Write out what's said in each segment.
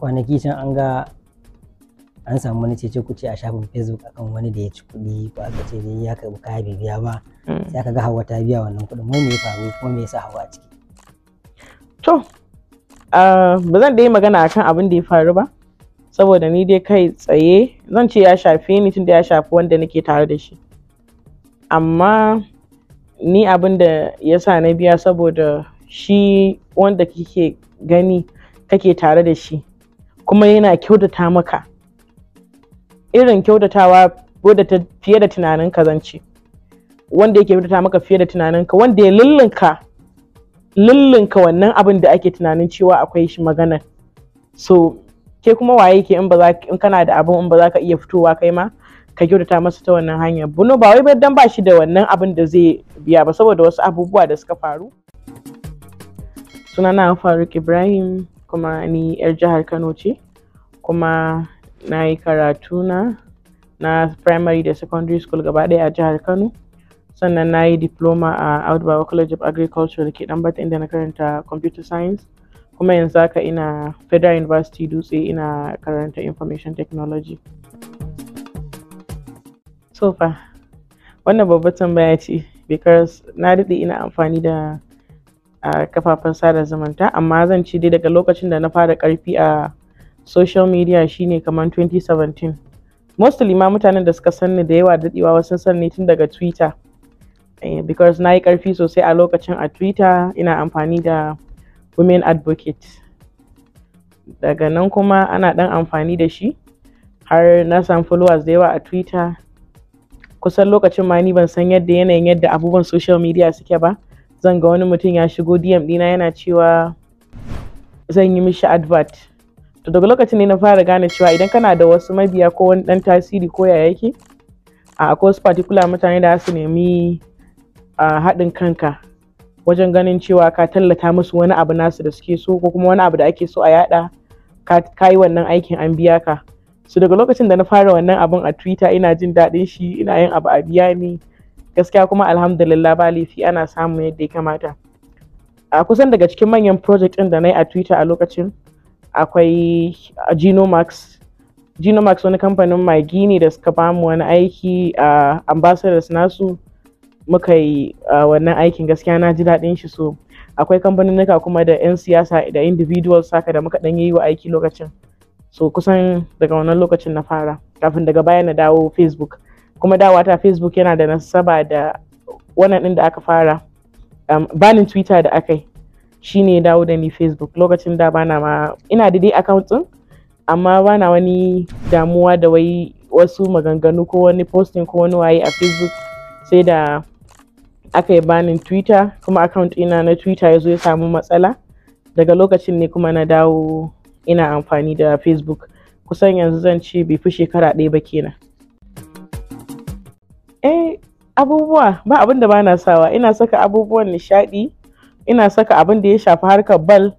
kwanaki can an ga an samu wani cece kuce a shafin facebook akan wani da ya ci kuɗi ko aka ce dai ya karɓi kaya bai biya ba hmm. sai aka ga hawa ta biya wannan kuɗin mai me ya faru kuma me yasa hawa a ciki to ah, ba zan da yi magana akan abin da ya faru ba saboda ni dai kai tsaye zan ce ya shafi ni tunda ya shafi wanda nake tare da shi amma ni abin da ya sa na biya saboda shi wanda kike gani kake tare da shi kuma yana kyautata maka irin kyautatawa wadda ta fiye da tunanin ka zance wanda yake kyautata maka fiye da tunanin ka wanda ya lullunka lullunka wannan abin da ake tunanin cewa akwai shi magana so ke kuma waye ke in ba za in kana da abin in ba za ka iya fitowa kai ma ka kyautata masa ta wannan hanya Buno ba wai dan ba shi da wannan abin da zai biya ba saboda wasu abubuwa da suka faru sunana faruk ibrahim kuma ni 'yar jihar Kano ce kuma na yi karatu na na primary da secondary school gaba ɗaya a jihar Kano sannan na yi diploma a outbound College of Agriculture da ke Ɗanbata inda na karanta computer science kuma yanzu haka ina Federal University Dutse ina karanta information technology. So far wannan babbar tambaya ce because na daɗe ina amfani da a kafafen sada zumunta amma zan ci dai daga lokacin da na fara karfi a social media shine kamar 2017 mostly ma mutanen da suka sanni da yawa dadewa wasu san ne tun daga twitter eh, because na yi karfi sosai a lokacin a twitter ina amfani da women advocate daga nan kuma ana dan amfani da shi har na samu followers da yawa a twitter kusan lokacin ma ni ban san yadda yanayin yadda abubuwan social media suke ba zan ga wani mutum ya shigo DM dina yana cewa zan yi mishi advert to daga lokacin ne na fara gane cewa idan kana da wasu mabiya ko wani dan tasiri ko ya yake a akwai wasu particular mutane da su nemi haɗin kanka wajen ganin cewa ka tallata musu wani abu nasu da suke so ko kuma wani abu da ake so a yada ka yi wannan aikin an biya ka so daga lokacin da na fara wannan abun a twitter ina jin daɗin shi ina yin abu a biya ni gaskiya kuma alhamdulillah ba ana samu yadda ya kamata a kusan daga cikin manyan project ɗin da na yi a twitter a lokacin akwai genomax genomax wani kamfanin magi ne da suka bamu wani aiki a ambassadors nasu muka yi wannan aikin gaskiya na ji daɗin shi so akwai kamfaninnika kuma da 'yan siyasa da individuals saka da muka ɗan yi wa aiki lokacin so kusan daga wannan lokacin na fara kafin daga baya na dawo facebook kuma dawa ta facebook yana da nasaba da wannan ɗin da aka fara um, banin twitter da aka yi ya dawo da ni facebook lokacin da bana ma ina da dai account ɗin amma bana wani damuwa da wai wasu maganganu ko wani posting ko wani waye a facebook sai da aka yi banin twitter kuma account ina na twitter ya zo ya samu matsala daga lokacin ne kuma na dawo ina amfani da facebook kusan yanzu zan ce bai fi shekara ɗaya ba kenan Eh, abubuwa ba abin da bana sawa. Ina saka abubuwan nishaɗi, ina saka abin da ya shafi harkar bal,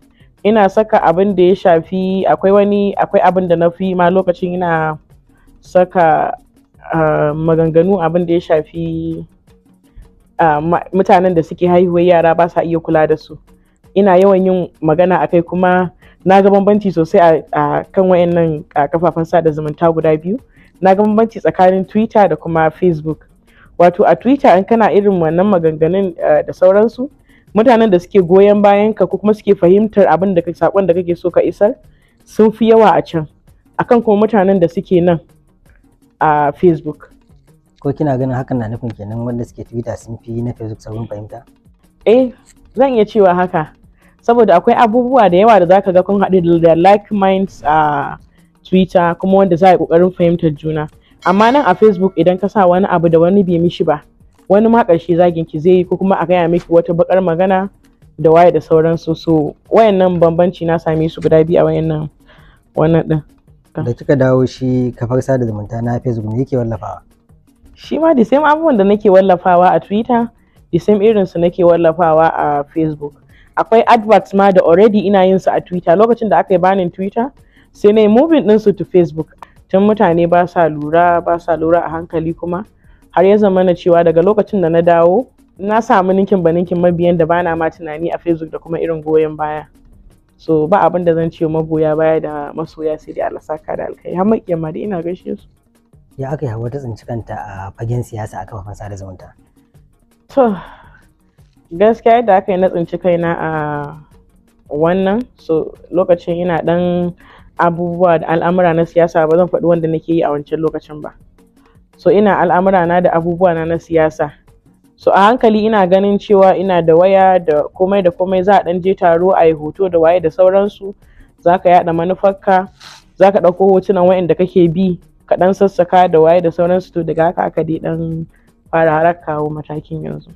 ina saka abin da ya shafi akwai wani akwai abin da na fi ma lokacin ina saka uh, maganganu abin da ya shafi uh, mutanen da suke haihuwar yara ba sa iya kula da su. Ina yawan yin magana akai kuma na ga bambanci sosai a kan wayannan kafafen sada zumunta guda biyu na ga bambanci tsakanin twitter da kuma facebook wato a twitter in kana irin wannan maganganun eh, da sauransu mutanen da suke goyon bayan ka ko kuma suke fahimtar abin da sakon da kake so ka isar sun fi yawa a can akan kuma mutanen da suke nan a facebook ko kina ganin hakan na nufin kenan wanda suke twitter sun fi na facebook sabon fahimta eh zan iya cewa haka saboda akwai abubuwa da yawa da zaka ga kun haɗu da like minds a twitter kuma wanda za a yi ƙoƙarin fahimtar juna amma nan a facebook idan ka sa wani abu da wani bai mishi ba wani ma ƙarshe zagin ki zai yi ko kuma a gaya miki wata bakar magana da waye da sauransu so wayannan bambanci na same su guda biyu a wayannan wannan din da kika dawo shi kafar sada zumunta na facebook ne yake wallafawa shi ma the same abubuwan da nake wallafawa a twitter the same irin su nake wallafawa a facebook akwai adverts ma da already ina yin su a twitter lokacin da aka yi banin twitter sai na yi moving din su to facebook tun mutane ba sa lura ba sa lura a hankali kuma har ya zama na cewa daga lokacin da na dawo na samu ninkin ba ninkin mabiyan da bana ma tunani a facebook da kuma irin goyon baya so ba abin da zan ce magoya baya da masoya sai dai Allah saka da alkai har makiyan ma dai ina gaishe su ya aka yi wata ta tsinci kanta a fagen siyasa a kafafen sada zumunta to gaskiya yadda aka yi na tsinci kaina a wannan so lokacin ina dan abubuwa da al'amura na siyasa ba zan faɗi wanda nake yi a wancan lokacin ba so ina al'amura na da abubuwa na na siyasa so a hankali ina ganin cewa ina da waya da komai da komai za a ɗan je taro a yi hoto da waye da sauransu za ka yaɗa manufarka za ka ɗauko hotunan da kake bi ka ɗan sassaka da waye da sauransu to daga haka aka dai ɗan fara har kawo matakin yanzu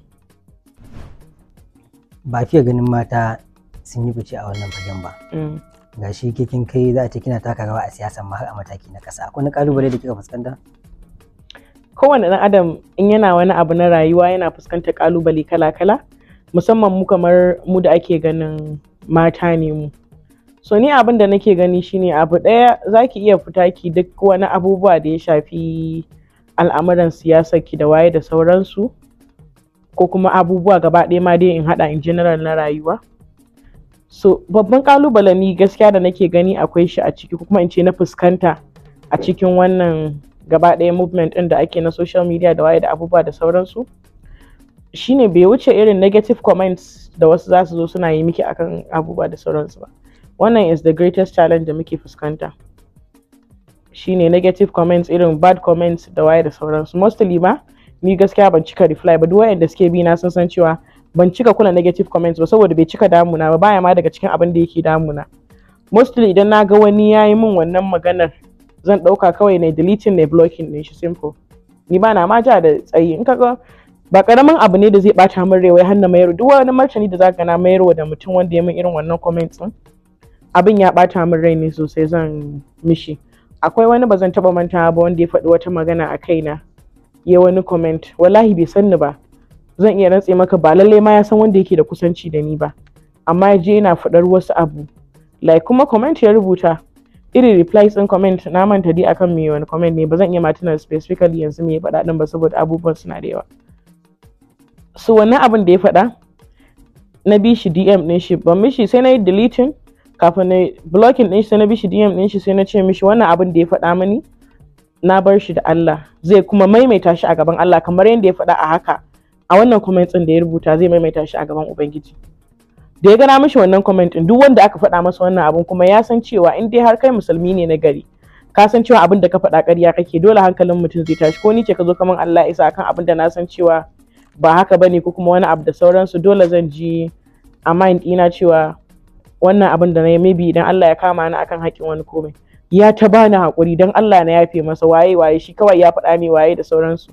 ba fiye ganin mata sun yi fice a wannan fagen ba mm. ga shi kikin kai za a ce kina taka rawa a siyasan ma har a mataki na ƙasa akwai kalubale da kika fuskanta kowane ɗan adam in yana wani abu na rayuwa yana fuskantar kalubale kala-kala musamman mu kamar mu da ake ganin mata ne mu so ni abin da nake gani shine abu ɗaya zaki iya fita ki duk wani abubuwa da ya shafi al'amuran siyasar ki da waye da sauransu ko kuma abubuwa gaba ɗaya ma dai in haɗa in general na rayuwa so babban kalubale ni gaskiya da nake gani akwai shi a ciki kuma in ce na fuskanta a cikin wannan gaba ɗaya movement ɗin da ake na social media da waye da abubuwa da sauransu shine bai wuce irin negative comments da wasu za su zo suna yi miki akan abubuwa da sauransu ba wannan is the greatest challenge da muke fuskanta shine negative comments irin bad comments da waye da sauransu mostly ma ni gaskiya ban cika reply ba duk wayanda suke bi na sun san cewa ban cika kula negative comments ba saboda bai cika damuna ba baya ma daga cikin abin da yake damuna mostly idan na ga wani ya yi min wannan maganar zan ɗauka kawai na deleting na blocking ne shi simple ni ba na ma ja da tsayi in kaga ba karamin abu ne da zai bata min rai wai har na mayar duk wani martani da zaka na wa da mutum wanda ya min irin wannan comments din abin ya bata min rai ne sosai zan mishi akwai wani ba zan taba mantawa ba wanda ya faɗi wata magana a kaina ya wani comment wallahi bai san ni ba zan iya rantse maka ba lallai ma ya san wanda yake da kusanci da ni ba amma ya je yana faɗar wasu abu like kuma comment ya rubuta irin replies in comment na manta dai akan me wani comment ne ba zan iya ma tuna specifically yanzu me ya faɗa din ba saboda abubuwan suna da yawa so wannan abin da ya faɗa na bi shi DM din shi ban mishi sai na yi deleting kafin na blocking din shi sai na bi shi DM din shi sai na ce mishi wannan abin da ya faɗa mani na bar shi da Allah zai kuma maimaita shi a gaban Allah kamar yadda ya faɗa a haka a wannan comment din da ya rubuta zai maimaita shi a gaban ubangiji da ya gana mishi wannan comment din duk wanda aka faɗa masa wannan abun kuma ya san cewa in dai har kai musulmi ne na gari ka san cewa abin da ka faɗa ƙarya kake dole hankalin mutum zai tashi ko ni ce ka zo kaman Allah isa akan abin da na san cewa ba haka bane ko kuma wani abu da sauransu dole zan ji a mind ɗina cewa wannan abin da na yi maybe idan Allah ya kama ni akan haƙƙin wani komai ya ta bani haƙuri dan Allah na yafe masa waye waye shi kawai ya faɗa ni waye da sauransu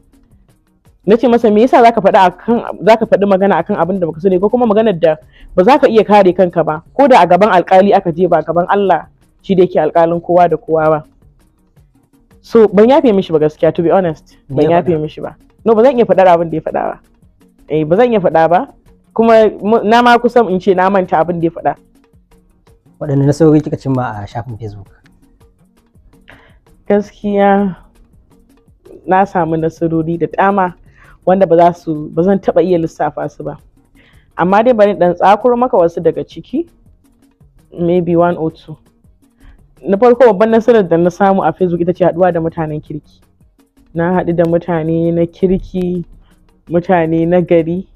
na ce masa me yasa zaka faɗi akan zaka faɗi magana akan abin da baka sani ko kuma maganar da ba za ka iya kare kanka ba ko da a gaban alkali aka je ba gaban Allah shi da yake alkalin kowa da kowa ba so ban yafe mishi ba gaskiya to be honest ban yafe mishi ba no ba zan iya faɗar abin da ya faɗa ba eh ba zan iya faɗa ba kuma na ma kusan in ce na manta abin da ya faɗa waɗanne nasarori kika cimma a shafin facebook gaskiya na samu nasarori da dama wanda ba za su ba zan taɓa iya lissafa su ba amma dai bari ɗan tsakuro maka wasu daga ciki maybe one or two na farko babban nasarar da na samu a facebook ita ce haɗuwa da mutanen kirki na haɗu da mutane na kirki mutane na gari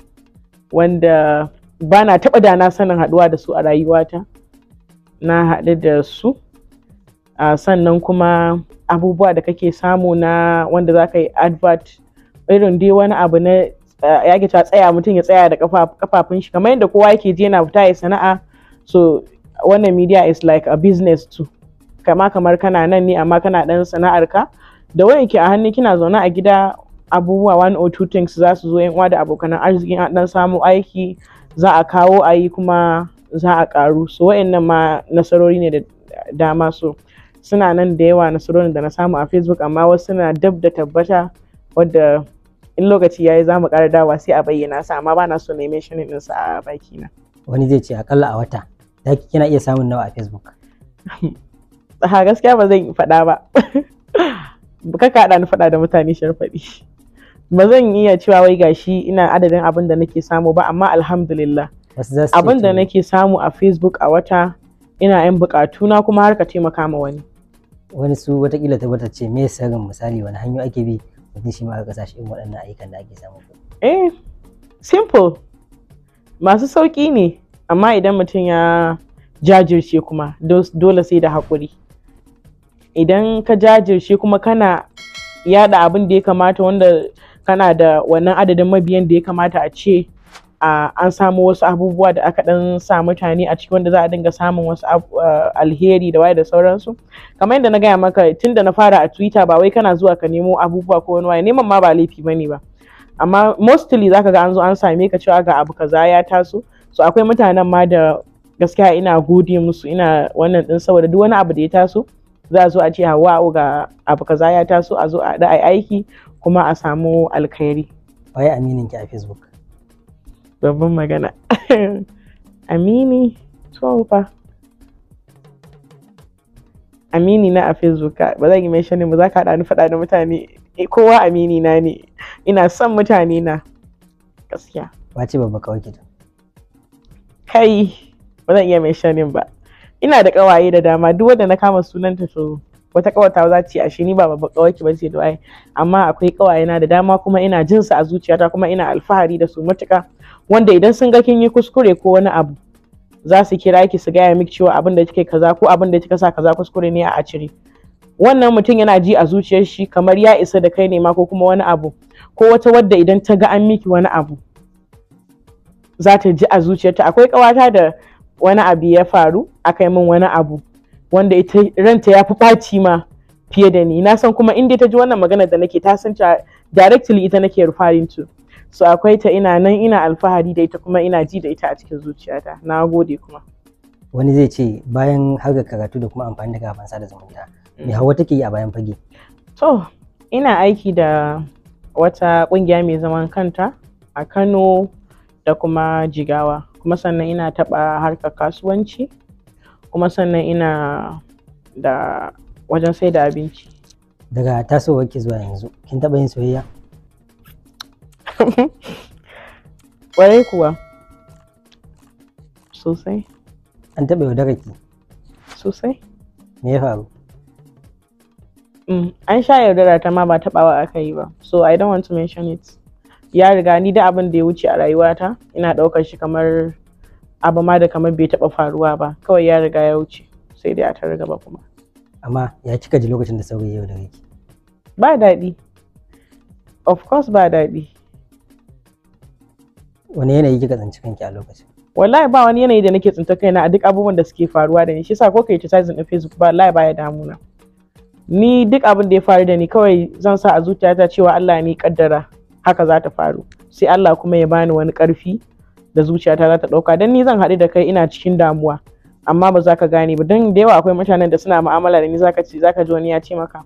wanda ba na taɓa da na sanin haɗuwa da su a rayuwata na haɗu da su sannan kuma abubuwa da kake samu na wanda za ka yi advert irin dai wani abu na eh, ya ta tsaya mutum ya tsaya da kafafun shi kamar yadda kowa yake ji yana fita ya sana'a so wannan media is like a business too kama kamar kana nan ne amma kana dan sana'ar ka da wayan ki a hannu kina zaune a gida abubuwa one or two things za su zo yan uwa da abokan arziki a dan samu aiki za a kawo a yi kuma za a karu so wayannan ma nasarori ne da dama so suna nan da yawa nasarorin da na samu a facebook amma wasu na dab da tabbata wadda in lokaci ya yi za mu ƙara dawa sai a bayyana sa amma bana so na yi mention din sa a baki na wani zai ce akalla a wata da kina iya samun nawa a Facebook ha gaskiya ba zan faɗa ba kaka haɗa ni faɗa da mutane sharfaɗi ba zan iya cewa wai gashi ina adadin abin da nake samu ba amma alhamdulillah abin da nake samu a facebook a wata ina yan bukatu na kuma harka ka taimaka ma wani wani su watakila ta ce me sirrin misali wani hanyoyi ake bi zai shi ma ka sa shi in waɗannan ayyukan da ake samu eh simple masu sauƙi ne amma idan mutum ya jajirce kuma dole sai da haƙuri idan ka jajirce kuma kana yada abin da ya kamata wanda kana da wannan adadin mabiyan da ya kamata a ce an samu wasu abubuwa da aka dan sa mutane a cikin wanda za a dinga samun wasu alheri da waye da sauransu kamar yadda na gaya maka tun da na fara a twitter ba wai kana zuwa ka nemo abubuwa ko wani waye neman ma ba laifi ba ba amma mostly zaka ga an zo an same ka cewa ga abu kaza ya taso so akwai mutanen ma da gaskiya ina gode musu ina wannan din saboda duk wani abu da ya taso za a zo a ce hawa ga abu kaza ya taso a zo a da aiki kuma a samu alkhairi Wai aminin ki a facebook babban magana amini to amini na a facebook ba zan yi mai shanin ba za ka haɗa ni faɗa da mutane eh, kowa amini na ne ina son mutane na gaskiya Ba ce babba kawai kita kai ba zan iya mai shanin ba ina da kawaye da dama duk wanda na kama sunanta so. wata kawata za ta ashe ni ba babba kawaki ba ce da amma akwai na da dama kuma ina jin su a zuciyata kuma ina alfahari da su matuka wanda idan sun ga kin yi kuskure ko wani abu za su kira ki su gaya miki cewa abin da kike kaza ko abin da kika sa kaza kuskure ne a cire wannan mutum yana ji a zuciyar shi kamar ya isa da kai ne ma ko kuma wani abu ko wata wadda idan ta ga an miki wani abu za ta ji a zuciyarta akwai kawata da wani abu ya faru aka yi min wani abu wanda ita ranta ya fi ɓaci ma fiye da ni na san kuma inda ta ji wannan magana da nake ta san directly ita nake referring to so akwai ta ina nan ina alfahari da ita kuma ina ji da ita a cikin zuciyata na gode kuma wani zai ce bayan harga karatu da kuma amfani da kafan sada zumunta me hawa take yi a bayan fage to ina aiki da wata kungiya mai zaman kanta a Kano da kuma Jigawa kuma sannan ina taɓa harkar kasuwanci kuma sannan ina da wajen sai da abinci daga tasowar ki zuwa yanzu kin taɓa yin soyayya Kwarai kuwa sosai an taɓa daga ki sosai me ya faru mm, an sha yaudara ta ma ba taɓawa aka yi ba so i don't want to mention it ya riga ni da abin da ya wuce a rayuwata ina ɗaukar shi kamar abu ma da kamar bai taɓa faruwa ba kawai ya riga ya wuce sai dai a ta riga ba kuma amma ya kika ji lokacin da sauri yau da yake ba daɗi of course ba daɗi wani yanayi kika tsinci kanki a lokacin wallahi ba wani yanayi da nake tsinta kaina a duk abubuwan da suke faruwa da ni shi yasa ko kai criticizing din Facebook ba wallahi baya damuna ni duk abin da ya faru da ni kawai zan sa a zuciyata cewa Allah ne kaddara haka za ta faru sai Allah kuma ya bani wani karfi da zuciyata za ta ɗauka dan ni zan haɗu da kai ina cikin damuwa amma ba za ka gane ba don da yawa akwai mutanen da suna mu'amala da ni za ka ci za ka ji wani ya ce maka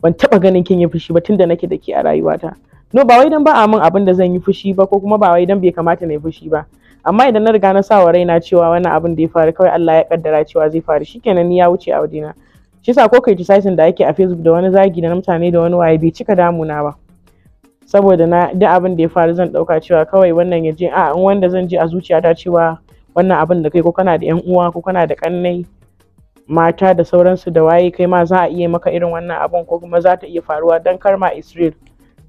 ban taɓa ganin kin yi fushi ba tun da nake da ke a rayuwata no ba wai dan ba a min abin da zan yi fushi ba ko kuma ba wai dan bai kamata na yi fushi ba amma idan na riga na sa wa raina cewa wannan abin da ya faru kawai Allah ya kaddara cewa zai faru shikenan ni ya wuce a wajena shi sa ko kai da ake a Facebook da wani zagi da na mutane da wani waye bai cika damuna ba saboda na duk abin da ya faru zan ɗauka cewa kawai wannan ya je a in wanda zan je a zuciyata cewa wannan abin da kai ko kana da yan uwa ko kana da kannai mata da sauransu da waye kai ma za a iya maka irin wannan abin ko kuma za ta iya faruwa dan kar ma Israel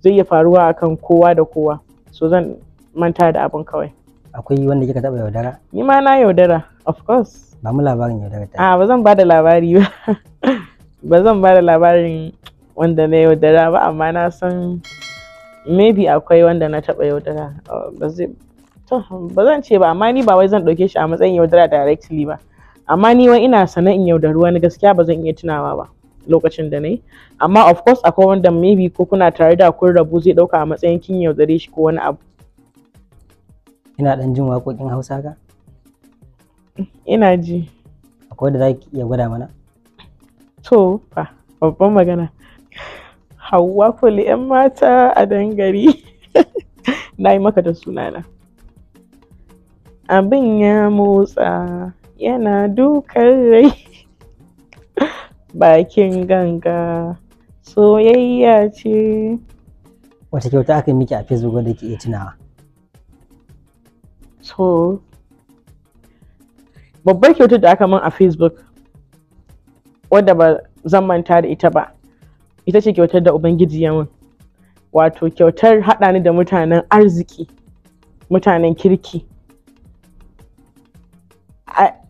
zai iya faruwa akan kowa da kowa so zan manta da abin kawai akwai wanda kika taba yaudara ni ma na yaudara of course ba mu labarin yaudara ta a ba zan bada labari ba ba zan bada labarin wanda na yaudara ba amma na san maybe akwai wanda na taɓa yaudara uh, ba zan ce ba amma ni ba wai zan ɗauke shi a matsayin yaudara directly ba amma ni wai ina sana'in yaudaru wani gaskiya ba zan iya tunawa ba lokacin da na yi amma of course akwai wanda maybe ko kuna tare da kun rabu zai ɗauka a matsayin kin yaudare shi ko wani abu ina ɗan jin waƙoƙin hausa ka ina ji akwai da za ki iya gwada mana to ba babban magana Hauwa Fuli 'yan mata a dangari Na yi maka da sunana. Abin ya motsa yana dukar rai bakin ganga soyayya ce. Wata kyauta aka yi miki a Facebook da ke iya tunawa. So, babbar kyautar da aka min a Facebook wadda ba zan manta da ita ba. ita ce kyautar da ubangiji ya min wato kyautar haɗa ni da mutanen arziki mutanen kirki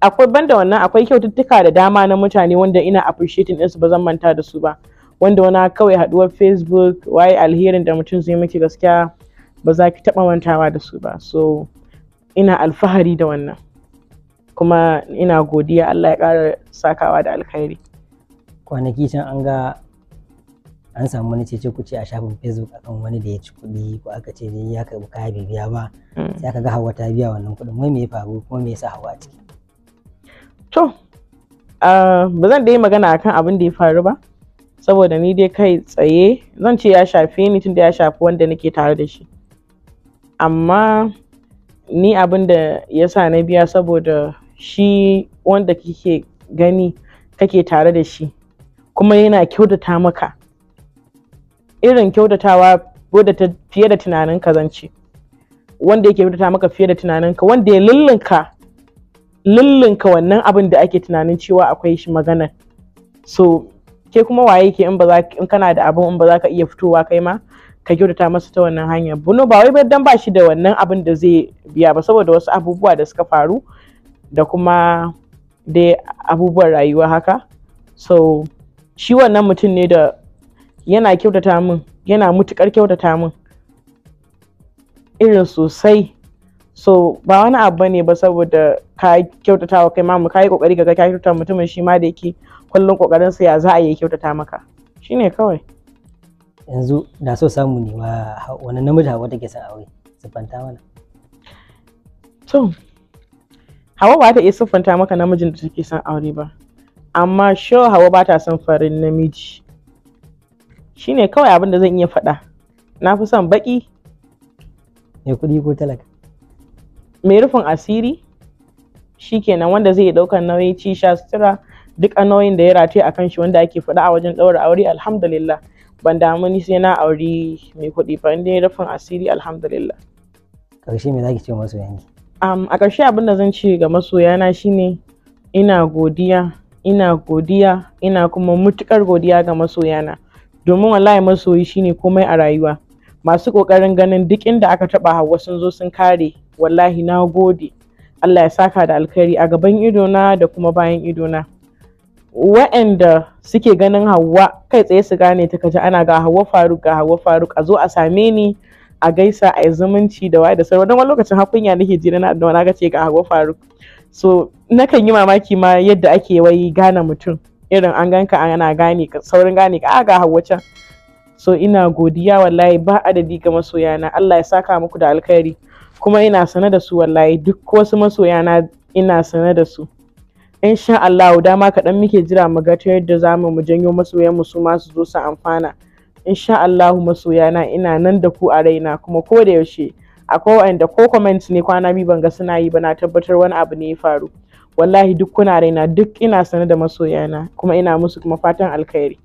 akwai banda wannan akwai kyaututtuka da dama na mutane wanda ina appreciating ɗinsu ba zan manta da su ba wanda wani kawai haɗuwar facebook waye alherin da mutum zai miki gaskiya ba za ki taɓa mantawa da su ba so ina alfahari da wannan kuma ina godiya Allah ya ƙara sakawa da alkhairi kwanaki can an ga an samu wani cece kuce a shafin facebook akan wani da ya ci kuɗi ko aka ce ni ya karɓi kaya bai biya ba hmm. sai aka ga hawa ta biya wannan kuɗin wai me ya faru kuma me yasa hawa a ciki to ba zan dai magana akan abin da ya faru ba saboda ni dai kai tsaye zan ce ya shafi ni tunda ya shafi wanda nake tare da shi amma ni abin da ya sa na biya saboda shi wanda kike gani kake tare da shi kuma yana kyautata maka irin kyautatawa wadda ta fiye da tunanin ka zance wanda yake kyautata maka fiye da tunanin ka wanda ya lullunka lullunka wannan abin da ake tunanin cewa akwai shi magana so ke kuma waye ke in ba za in kana da abin in ba za ka iya fitowa kai ma ka kyautata masa ta wannan hanyar buno ba wai dan ba shi da wannan abin da zai biya ba saboda wasu abubuwa da suka faru da kuma dai abubuwan rayuwa haka so shi wannan mutum ne da yana kyautata min yana mutukar kyautata min irin sosai so ba wani abu ne ba saboda ka kyautata wa kai mamu ka yi kokari ga ka kyautata mutumin shi ma da yake kullum kokarin sa ya za a yi kyautata maka shine kawai yanzu na so samu ne wa wani namiji hawa take son aure siffanta mana to hawa ba ta iya siffanta maka namijin da take son aure ba amma sho hawa ba ta son farin namiji Shi ne kawai abin da zan iya faɗa na fi son baƙi mai kuɗi ko talaka mai rufin asiri Shi kenan wanda zai ɗaukar nauyi ci sha sutura duk nauyin da ya rataye a kan shi wanda ake faɗa a wajen ɗaura aure alhamdulillah ban damu ni sai na aure mai kuɗi ba inda rufin asiri alhamdulillah ƙarshe me zaki ce masoyanki um, a ƙarshe abin da zan ce ga masoyana shine ina godiya ina godiya ina kuma mutukar godiya ga masoyana domin wallahi masoyi shine komai a rayuwa masu ƙoƙarin ganin duk inda aka taɓa hawa sun zo sun kare wallahi na gode Allah ya saka da alkhairi a gaban idona da kuma bayan idona wa'anda suke ganin hawa kai tsaye su gane ta kaji ana ga hawa faruk ga hawa faruk a zo a same ni a gaisa a zumunci da waye da sarwa don wani lokacin hakunya nake jira na addu'a na ce ga hawa faruk so nakan yi mamaki ma yadda ake wai gane mutum irin an ganka ana gane ka. saurin gane ka ah, ga hawa can so ina godiya wallahi ba adadi ga masoyana Allah ya saka muku da alkhairi kuma ina sane da su wallahi duk wasu masoyana ina sane da su insha Allah dama kaɗan muke jira mu ga ta yadda za mu janyo masoyan mu su ma su zo su amfana insha Allah masoyana ina nan da ku a raina kuma ko da yaushe akwai wanda ko comment ne kwana bi ban ga suna yi ba na tabbatar wani abu ne ya faru wallahi duk kuna raina duk ina sane da masoyana kuma ina musu kuma fatan alkhairi